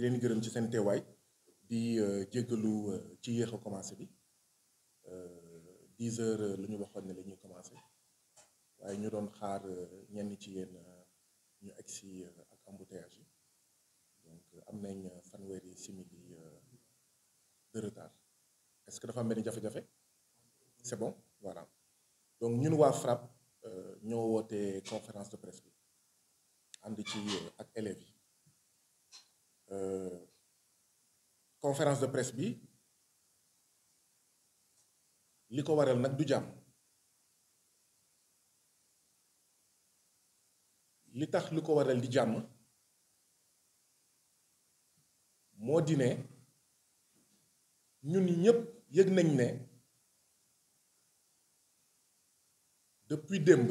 di leen gërëm ci seen teewaay di euh, jéggalu euh, ci yéex a commencé bi euh, dix heures lu ñu waxoon ne la ñuy commencé waaye ñu doon xaar ñenn ci yéen ñu egg si ak embouteillage yi donc am nañ fanweeri simili de retard est-ce que dafa am benn jafe-jafe c'est voilà donc ñun waa FRAPP ñoo woote conférence de presse bi ànd ci ak élèves Euh, conférence de presse bi li ko waral nag du jàmm li tax li ko waral di jàmm moo di ne ñun ñëpp yëg nañ ne depuis démb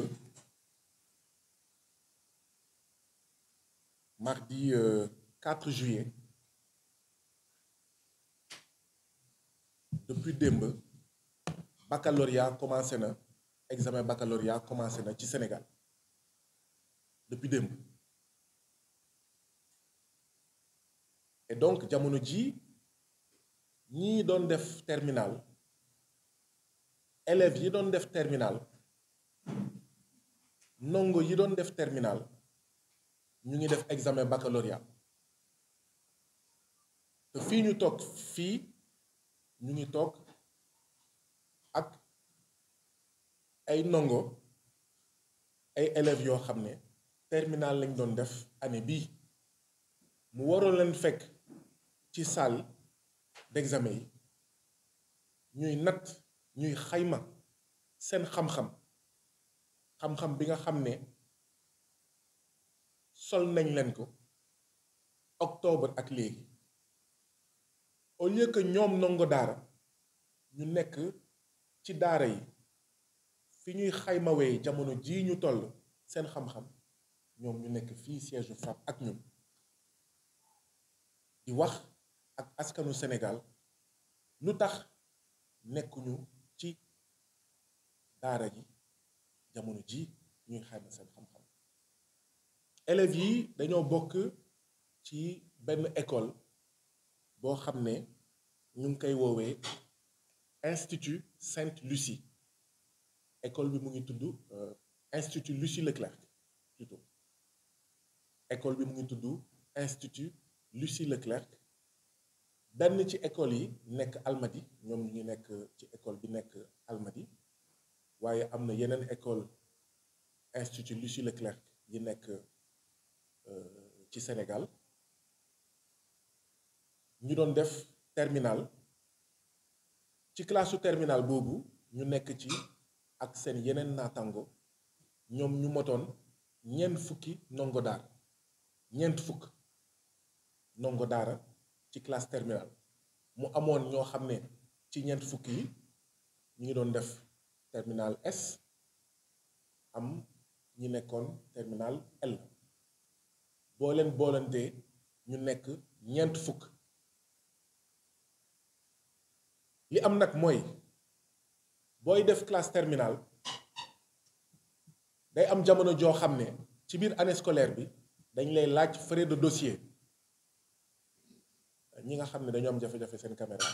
mardi. Euh 4 juillet depuis démb baccalauréat commencé na examen baccalauréat commencé na ci Sénégal depuis démb et donc jamono ji ñii doon def terminal élèves yi doon def terminal ndongo yi doon def terminal ñu ngi def examen baccalauréat te fii ñu toog fii ñu ngi toog ak ay ndongo ay élèves yoo xam ne terminal lañ doon def année bii mu waroon leen fekk ci salle d'examen yi ñuy natt ñuy xayma seen xam-xam xam-xam bi nga xam ne sol nañ leen ko octobre ak léegi au lieu que ñoom ndongo daara ñu nekk ci daara yi fi ñuy xaymawee jamono jii ñu toll seen xam-xam ñoom ñu nekk fii siège FRAPP ak ñun di wax ak askanu senegal lu tax nekkuñu ci daara ji jamono ji ñuy xayma seen xam-xam élèves yi dañoo bokk ci benn ecole boo xam ne ñu ngi koy woowee institut Sainte-Lucie école bi mu ngi tudd euh, institut Lucie Leclerc plutôt école bi mu ngi tudd institut Lucie Leclerc benn ci école yi nekk Almadi ñoom ñu ngi nekk ci école bi nekk Almadi waaye am na yeneen école institut Lucie Leclerc yi nekk euh, ci Sénégal ñu doon def terminal ci classe terminal boobu ñu nekk ci ak seen yeneen naatango ñoom ñu motoon ñeent fukki ndongo daara ñeent fukk ndongo daara ci classe terminal mu amoon ñoo xam ne ci ñeent fukk yi ñu ngi doon def terminal S am ñi nekkoon terminal L boo leen boolantee ñu nekk ñeent fukk li am nag mooy booy def classe terminal day am jamono joo xam ne ci biir année scolaire bi dañ lay laaj frais de dossier ñi nga xam ne dañoo am jafe-jafe seen caméra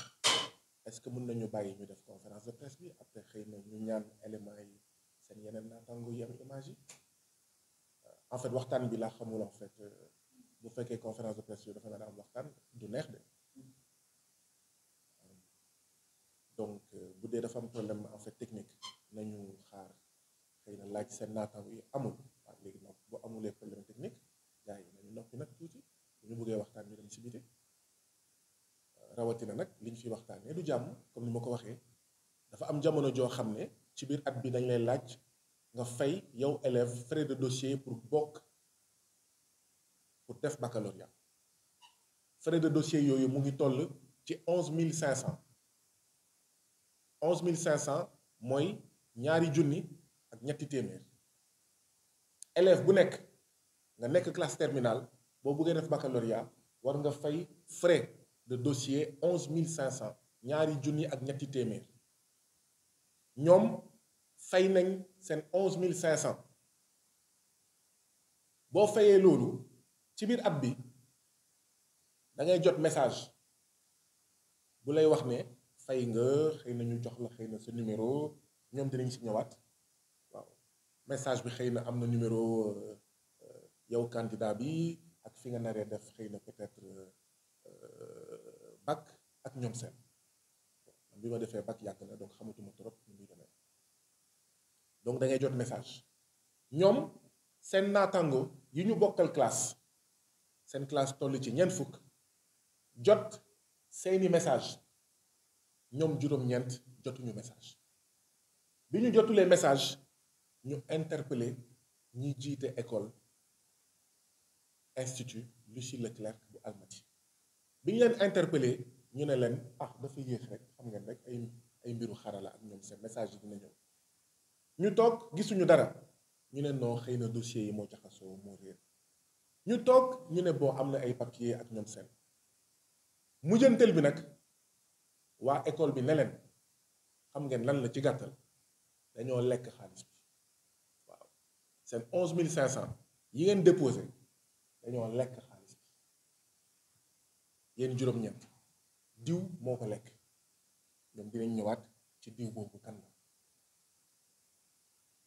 est-ce que mën nañu bàyyi ñu def conférence de presse bi après xëy na ñu ñaan éléments yi seen yeneen naataango yi am image yi en fait waxtaan bi laa xamul en fait euh, bu fekkee conférence de presse yi dafa na am waxtaan du neex de. donc euh, bu dee dafa am problème en fait technique nañu xaar xëy na laaj seen naataango yi amul waaw léegi nag bu amulee problème technique gars yi nañu noppi nag tuuti bu ñu buggee waxtaan ñu dem si biti rawatina nag li ñu fi waxtaanee du jàmm comme ni ma ko waxee dafa am jamono joo xam ne ci biir at bi dañ lay laaj nga fay yow élève frais de dossier pour bokk pour def baccalauréat frais de dossier yooyu mu ngi toll ci onze mille cinq cent onze mille cinq cent mooy ñaari junni ak ñetti téeméer élève bu nekk nga nekk classe terminale boo buggee def baccalauréat war nga fay frais de dossier onze mille cinq cent ñaari junni ak ñetti téeméer ñoom fay nañ seen onze mille cinq cent boo fayee loolu ci biir at bi da ngay jot message bu lay wax ne fay nga xëy na ñu jox la xëy na sa numéro ñoom dinañ si ñëwaat waaw message bi xëy na am na numéro euh, yow candidat bi ak fi nga naree def xëy na peut-être euh, ak ñoom seen bi ma defee bac yàgg na donc xamatuma trop ñu muy demee donc da jot message ñoom seen naataango yi ñu bokkal classe seen classe toll ci ñeent fukk jot seeni message ñoom juróom-ñeent jotuñu message bi ñu jotulee message ñu interpellé ñi jiite école institut Lucie Leclerc bu Almati bi ñu leen interpellé ñu ne leen ah dafa yéex rek xam ngeen rek ay ay mbiru xarala ak ñoom seen message yi ne ñëw ñu toog gisuñu dara ñu ne noo xëy na dossier yi moo jaxasoo moo réer ñu toog ñu ne boo am na ay papier ak ñoom seen mujjantel bi nag. waa école bi neleen xam ngeen lan la ci gàttal dañoo lekk xaalis bi waaw seen onze mille cinq cent yi ngeen déposé dañoo lekk xaalis bi yéen juróom-ñett diw moo ko lekk ñoom ñëwaat ci diw boobu kan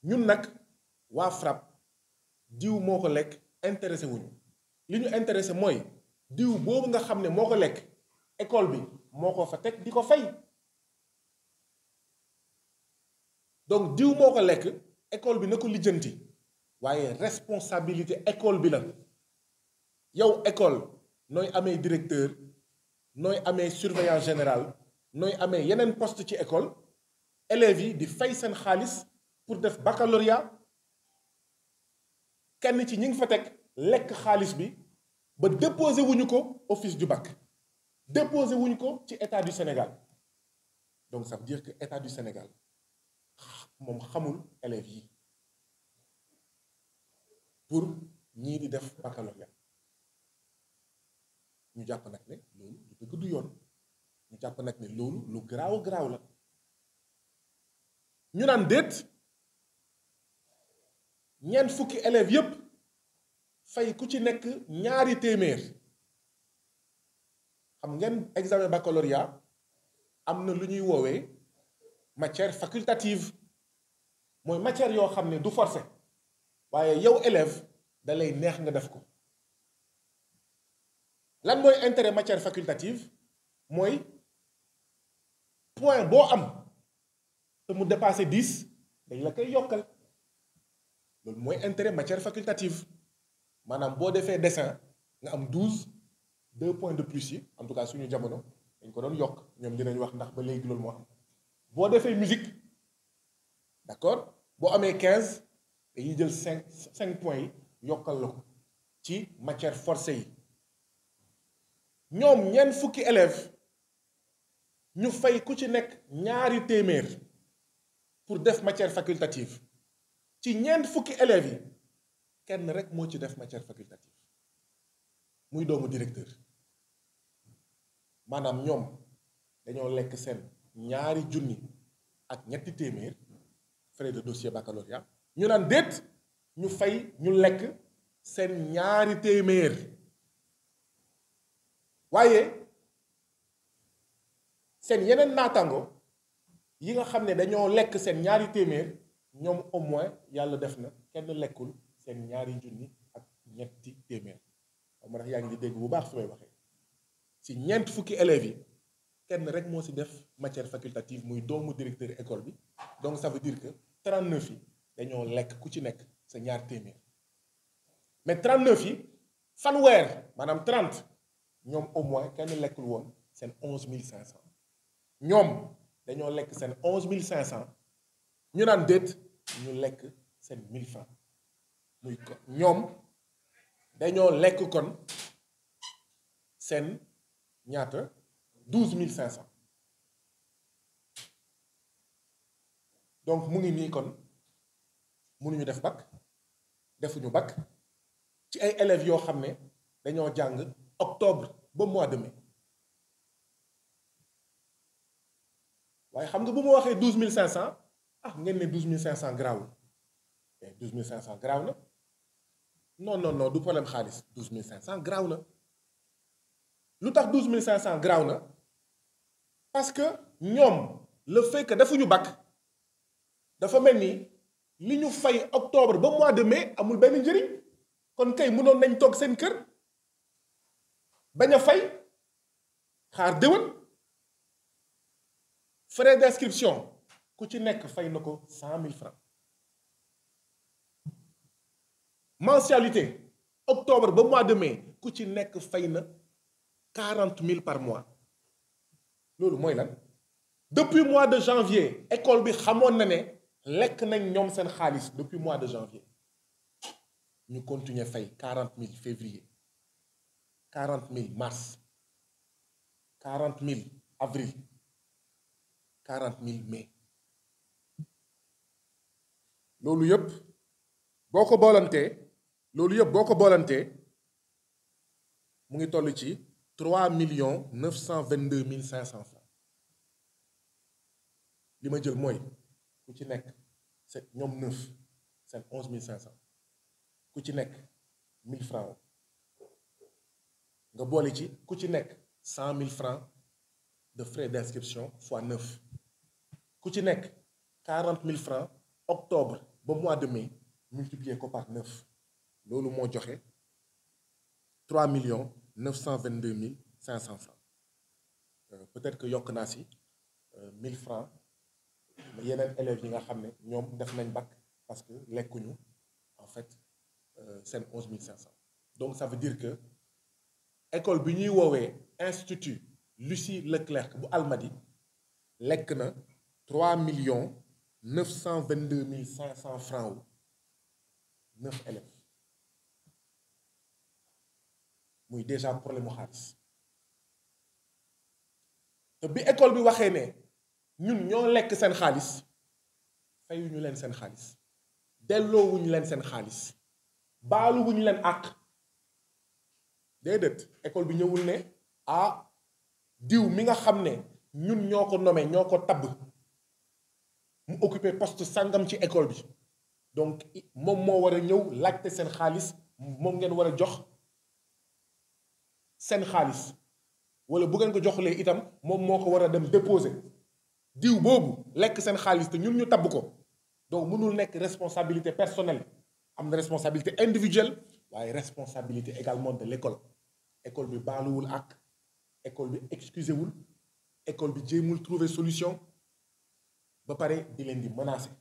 ñun nag waa FRAPP diw moo ko lekk intéressé wuñu li ñu intéressé mooy diw boobu nga xam ne moo ko lekk école bi moo ko fa teg di ko fay donc diw moo ko lekk école bi na ko lijjanti waaye responsabilité école bi la yow école nooy amee directeur nooy amee surveillant général nooy amee yeneen post ci école élève yi di fay seen xaalis pour def baccalauréat kenn ci ñi ngi fa teg lekk xaalis bi ba déposé wuñu ko office du back déposé wuñ ko ci état du Sénégal donc ça veut que état du Sénégal moom xamul élève yi pour ñii di def baccalauréat ñu jàpp nag ne yoon ñu jàpp nag ne loolu lu garaaw a garaaw la ñu naan déet ñeent fukki élève yépp fay ku ci nekk ñaari téeméer xam ngeen examen baccalauréat am na lu ñuy woowee matière facultative mooy matière yoo xam ne du forcé waaye yow élève da lay neex nga def ko lan mooy intérêt matière facultative mooy point boo am te mu dépassé dix dañ la koy yokkal loolu mooy intérêt matière facultative maanaam boo defee dessin nga am douze deux points de plus yi en tout cas suñu jamono dañ ko doon yokk ñoom dinañ wax ndax ba léegi loolu moo am boo defee musique d'accord boo amee quinze dañuy jël cinq cinq points yi yokkal la ko ci matière forcé yi ñoom ñeent fukki élèves ñu fay ku ci nekk ñaari téeméer pour def matière facultative ci ñeent fukki élèves yi kenn rek moo ci def matière facultative muy doomu directeur maanaam ñoom dañoo lekk seen ñaari junni ak ñetti téeméer frais de dossier baccalauréat ñu naan déet ñu fay ñu lekk seen ñaari téeméer waaye seen yeneen naatango yi nga xam ne dañoo lekk seen ñaari téeméer ñoom au moins yàlla def na kenn lekkul seen ñaari junni ak ñetti téeméer moo tax yaa ngi di dégg bu baax su may waxee ci ñeent fukki élèves yi kenn rek moo si def matière facultative muy doomu directeur école bi donc ça veut dire que 39 yi dañoo lekk ku ci nekk sa ñaar téeméer mais trent 39 yi fanweer maanaam 30 ñoom au moins kenn lekkul woon seen 11500 ñoom dañoo lekk seen 11500 ñu naan déet ñu lekk seen 1000 francs muy ko ñoom dañoo lekk kon seen. ñaata douze mille cinq donc mu ngi nii kon mënuñu def bac defuñu bac ci ay élèves yoo xam ne dañoo jàng octobre ba mois de mai waaye xam nga bu ma waxee douze mille cinq cent ah ngeen ne douze mille cinq cent graw mais douze mille cinq cent graw noon non non non du problème xaalis douze mille cinq cent graw lu tax douze mille cinq cent graaw na parce que ñoom la fekk defuñu bac dafa mel ni li ñu fay octobre ba mois de mais amul benn njëriñ kon kay mënoon nañ toog seen kër bañ a fay xaar déwén frais d'inscription ku ci nekk fay na ko cent mille francs mensualité octobre ba mois de mais ku ci nekk fay na quarante mille par mois loolu mooy lan depuis mois de janvier école bi xamoon na ne lekk nañ ñoom seen xaalis depuis mois de janvier ñu continuer fay quarante mille février quarante mille mars quarante mille avril quarante mille mai loolu yëpp boo ko boolantee loolu yëpp boo ko boolantee mu ngi toll ci 3 millions 922 mille cinq 500 francs li ma jël mooy ku ci nekk c'est ñoom 9 c'est 11 mille 500 ku ci nekk 1000 nga boole ci ku ci nekk 100 mille francs de frais d'inscription fois 9 ku ci nekk 40 mille francs octobre ba mois de mai multiplier ko par 9 loolu moo joxe 3 millions. neuf cent vingt deux mille cinq cent francs euh, peut-être que yokk naa si euh, mille francs yeneen élèves yi nga xam ne ñoom def nañ bac parce que lekkuñu en fait euh, seen onze mille cinq cent donc ça veut dire que école bi ñuy woowee institut Lucie Leclerc bu Almadi lekk na trois millions neuf cent vingt deux mille cinq cent francs wu neuf élèves muy déjà problème mu xaalis bi école bi waxee ne ñun ñoo lekk seen xaalis fayuñu leen seen xaalis delloowuñu leen seen xaalis baaluwuñu leen àq déedéet école bi ñëwul ne ah diw mi nga xam ne ñun ñoo ko nommé ñoo ko tabb mu occupé poste sàngam ci école bi donc moom moo war a ñëw laajte seen xaalis moom ngeen war a jox seen xaalis wala bu ngeen ko joxlee itam moom moo ko war a dem déposer diw boobu lekk seen xaalis te ñun ñu tabb ko donc mënul nekk responsabilité personnelle am na responsabilité individuelle waaye responsabilité également de l'école école bi baaluwul ak école bi excusé wul école bi jéemul trouver solution ba pare di leen di menacer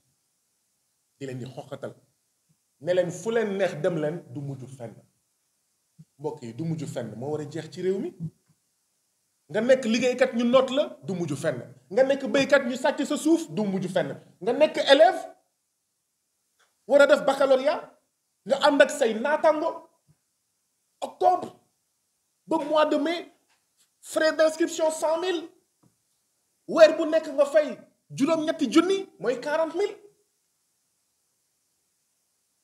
di leen di xoqatal ne leen fu leen neex dem leen du mujj fenn mbokk yi du mujj fenn moo war a jeex ci réew mi nga nekk liggéeykat ñu noot la du mujj fenn nga nekk béykat ñu sàcc sa suuf du mujj fenn nga nekk élève war a def baccalauréat nga am ak say naatango octobre ba mois de mai frais d'inscription cent mille weer bu nekk nga fay juróom-ñetti junni mooy quarante mille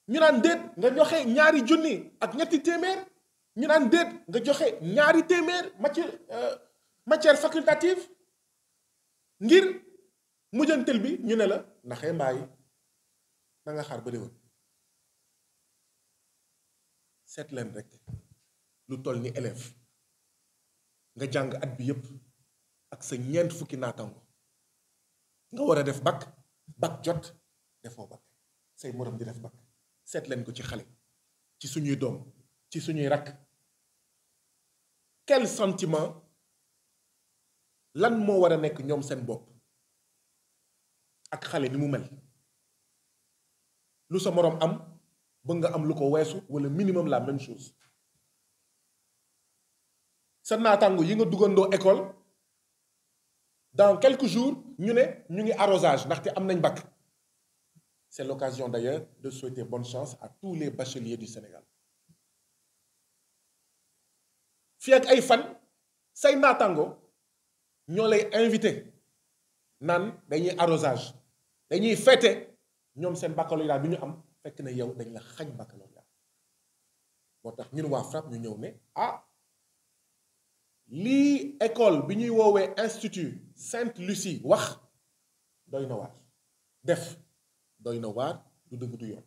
ñu naan déet nga joxe ñaari junni ak ñetti téeméer ñu naan déet nga joxe ñaari téeméer matière euh, matière facultative ngir mujjanteel bi ñu ne la naxee mbaay na nga xaar ba déwén seet leen rek lu toll ni élève nga jàng at bi yépp ak sa ñeent fukki naatango nga war a def bac bac jot defoo bac say morom di def bac seetleen ko ci xale ci suñuy doom ci suñuy rakk quel sentiment lan moo war a nekk ñoom seen bopp ak xale ni mu mel lu sa moroom am bëgg nga am lu ko weesu walla minimum la même chose sa naataango yi nga duggandoo école dans quelques jours ñu ne ñu ngi arrosage ndaxte am nañ bac c'est l'occasion d'ailleurs de souhaiter bonne chance à tous les bacheliers du Sénégal fii ak ay fan say naataango ñoo lay invité naan dañuy arrosage dañuy fête ñoom seen baccalauréat bi ñu am fekk na yow dañ la xañ baccalauréat moo tax ñun waa FRAPP ñu ñëw ne ah lii école bi ñuy woowee institut Sainte-Lucie wax doy na waar def doy na waar du dëgg du yoon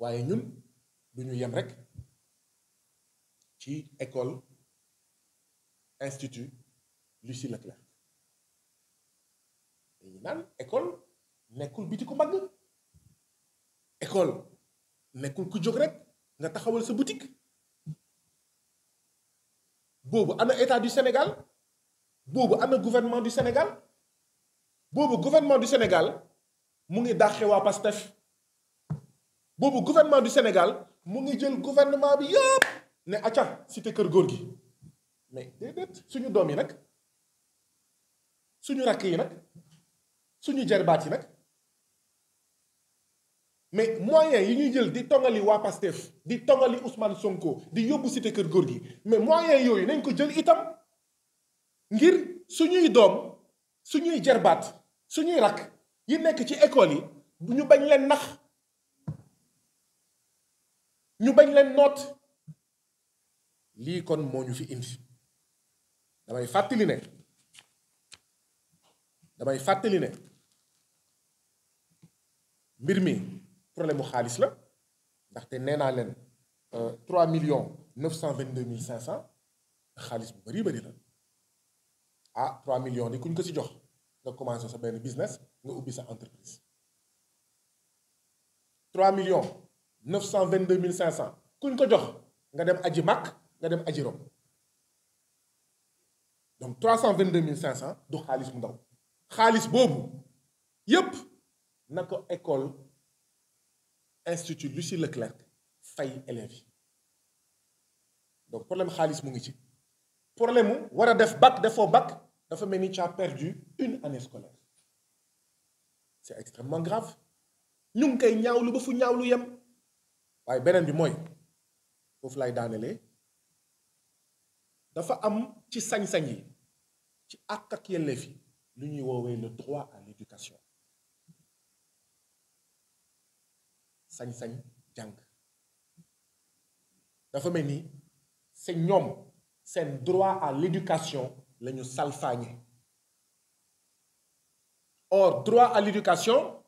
waaye ñun du ñu yem rek ci école institut Lucie Leclerc dañu naan école nekkul biti ku mbagg école nekkul ku jóg rek nga taxawal sa boutique boobu ana état du Sénégal boobu ana gouvernement du Sénégal boobu gouvernement du Sénégal mu ngi dàqe waa PASTEF boobu gouvernement du Sénégal mu ngi jël gouvernement bi yëpp. ne acca cité kër góor gi mais déedéet suñu doom yi nag suñu rakk yi nag suñu jarbaat yi nag mais moyen yi ñuy jël di tongali waa Pastef di tongali Ousmane Sonko di yóbbu cité kër góor gi mais moyen yooyu nañ ko jël itam ngir suñuy doom suñuy jarbaat suñuy rakk yi nekk ci école yi ñu bañ leen nax ñu bañ leen noot lii kon moo ñu fi indi damay fàttali ne damay fàttali ne mbir mi problème mu xaalis la ndaxte nee naa leen 3 euh, millions 922 mille 500 xaalis bu bari bari la ah 3 millions ni kuñ ko ci jox nga commencé sa benn business nga ubbi sa entreprise 3 millions 922 mille 500 kuñ ko jox nga dem aji màkk nga dem aji donc trois cent vingt deux mille cinq cent du xaalis bu ndaw xaalis boobu yépp na ko école institut Lucie Leclerc fay élèves yi donc problème xaalis mu ngi ci problème mu war a def bac defoo bac dafa mel ni tu as perdu une année scolaire c'est extrêmement grave ñu ngi koy ñaawlu ba fu ñaawlu yem waaye beneen bi mooy foofu lay daanelee dafa am ci sañ-sañ yi ci àq ak yelleef yi lu ñuy woowee le droit à l'éducation sañ-sañ jàng dafa mel ni c'est ñoom seen droit à l'éducation lañu ñu salfaañe or droit à l'éducation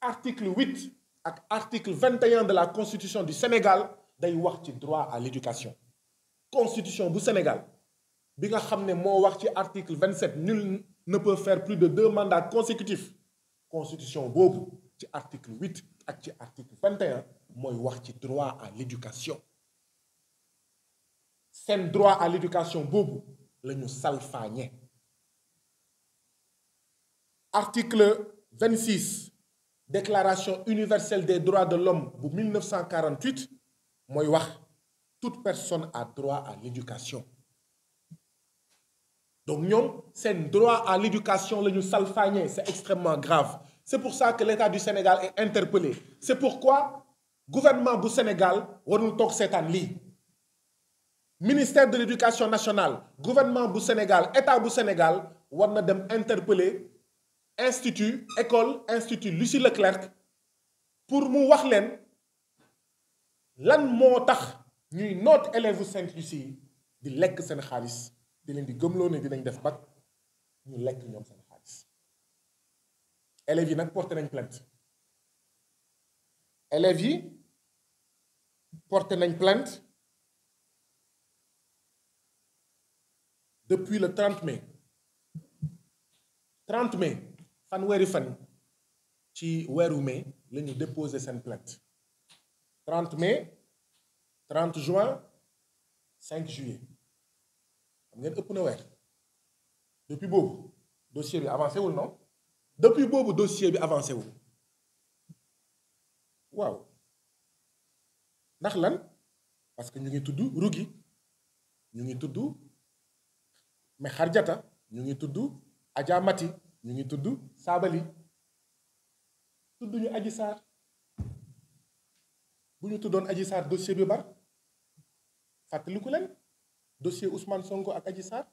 article 8 ak article 21 de la constitution du Sénégal day wax ci droit à l'éducation constitution bu Sénégal bi nga xam ne moo wax ci article vingt sept nul ne peut faire plus de deux mandats consécutifs constitution boobu ci article huit ak ci article vingt mooy wax ci droit à l'éducation seen droit à l'éducation boobu la ñu salfaañe article vingt six déclaration universelle des droits de l'homme bu 1948 mooy wax toute personne a droit à l'éducation donc ñoom seen droit à l'éducation la ñu salfaañee c'est extrêmement grave c'est pour ça que l'État du Sénégal est interpellé c'est pourquoi gouvernement bu Sénégal warul toog seetaan lii ministère de l'éducation nationale gouvernement bu Sénégal État bu Sénégal war na dem interpeller institut école institut Lucie Leclerc pour mu wax leen lan moo tax ñuy noot élèves Sainte-Lucie yi di lekk seen xaalis di di gëmloo ne dinañ def bac ñu lekk ñoom seen xaalis élèves yi nag porté nañ plainte élèves yi porté nañ plainte depuis le 30 mai 30 mai fanweeri fan ci weeru mai la ñu déposé seen plainte 30 mai 30 juin 5 juillet xam ngeen ëpp na weer depuis boobu dossier bi avancé wul non depuis boobu dossier bi avancé wul waaw ndax lan parce que ñu ngi tudd Rougui ñu ngi tudd mais Xarjata ñu ngi tudd Adja ñu ngi tudd Saabali tudd ñu aji Sarr bu ñu tuddoon aji Sarr dossier bi ba fàttaliku leen dossier Ousmane Sonko ak Adji Sarr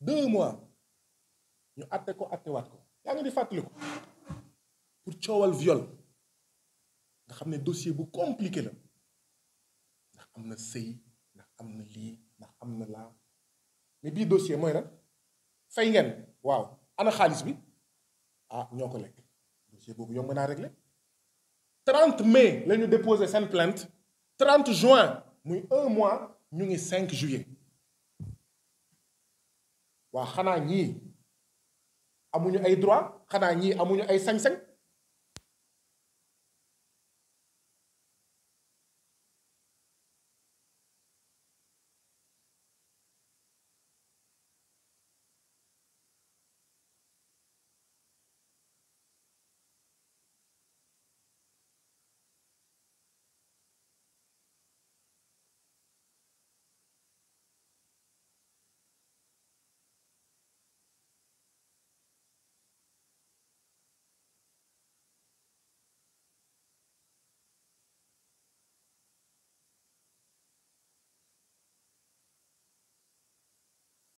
deux mois ñu àtte ko àttewaat ko yaa ngi di fàttaliku pour coowal viol nga xam ne dossier bu compliqué la ndax am na sëy ndax am na lii ndax am na laa mais bii dossier mooy lan fay ngeen waaw ana xaalis bi ah ñoo ko lekk dossier boobu yomb naa régler 30 mai la ñu déposé seen plainte 30 juin muy un mois ñu ngi cinq juillet waa xanaa ñii amuñu ay droit xanaa ñii amuñu ay sañ-sañ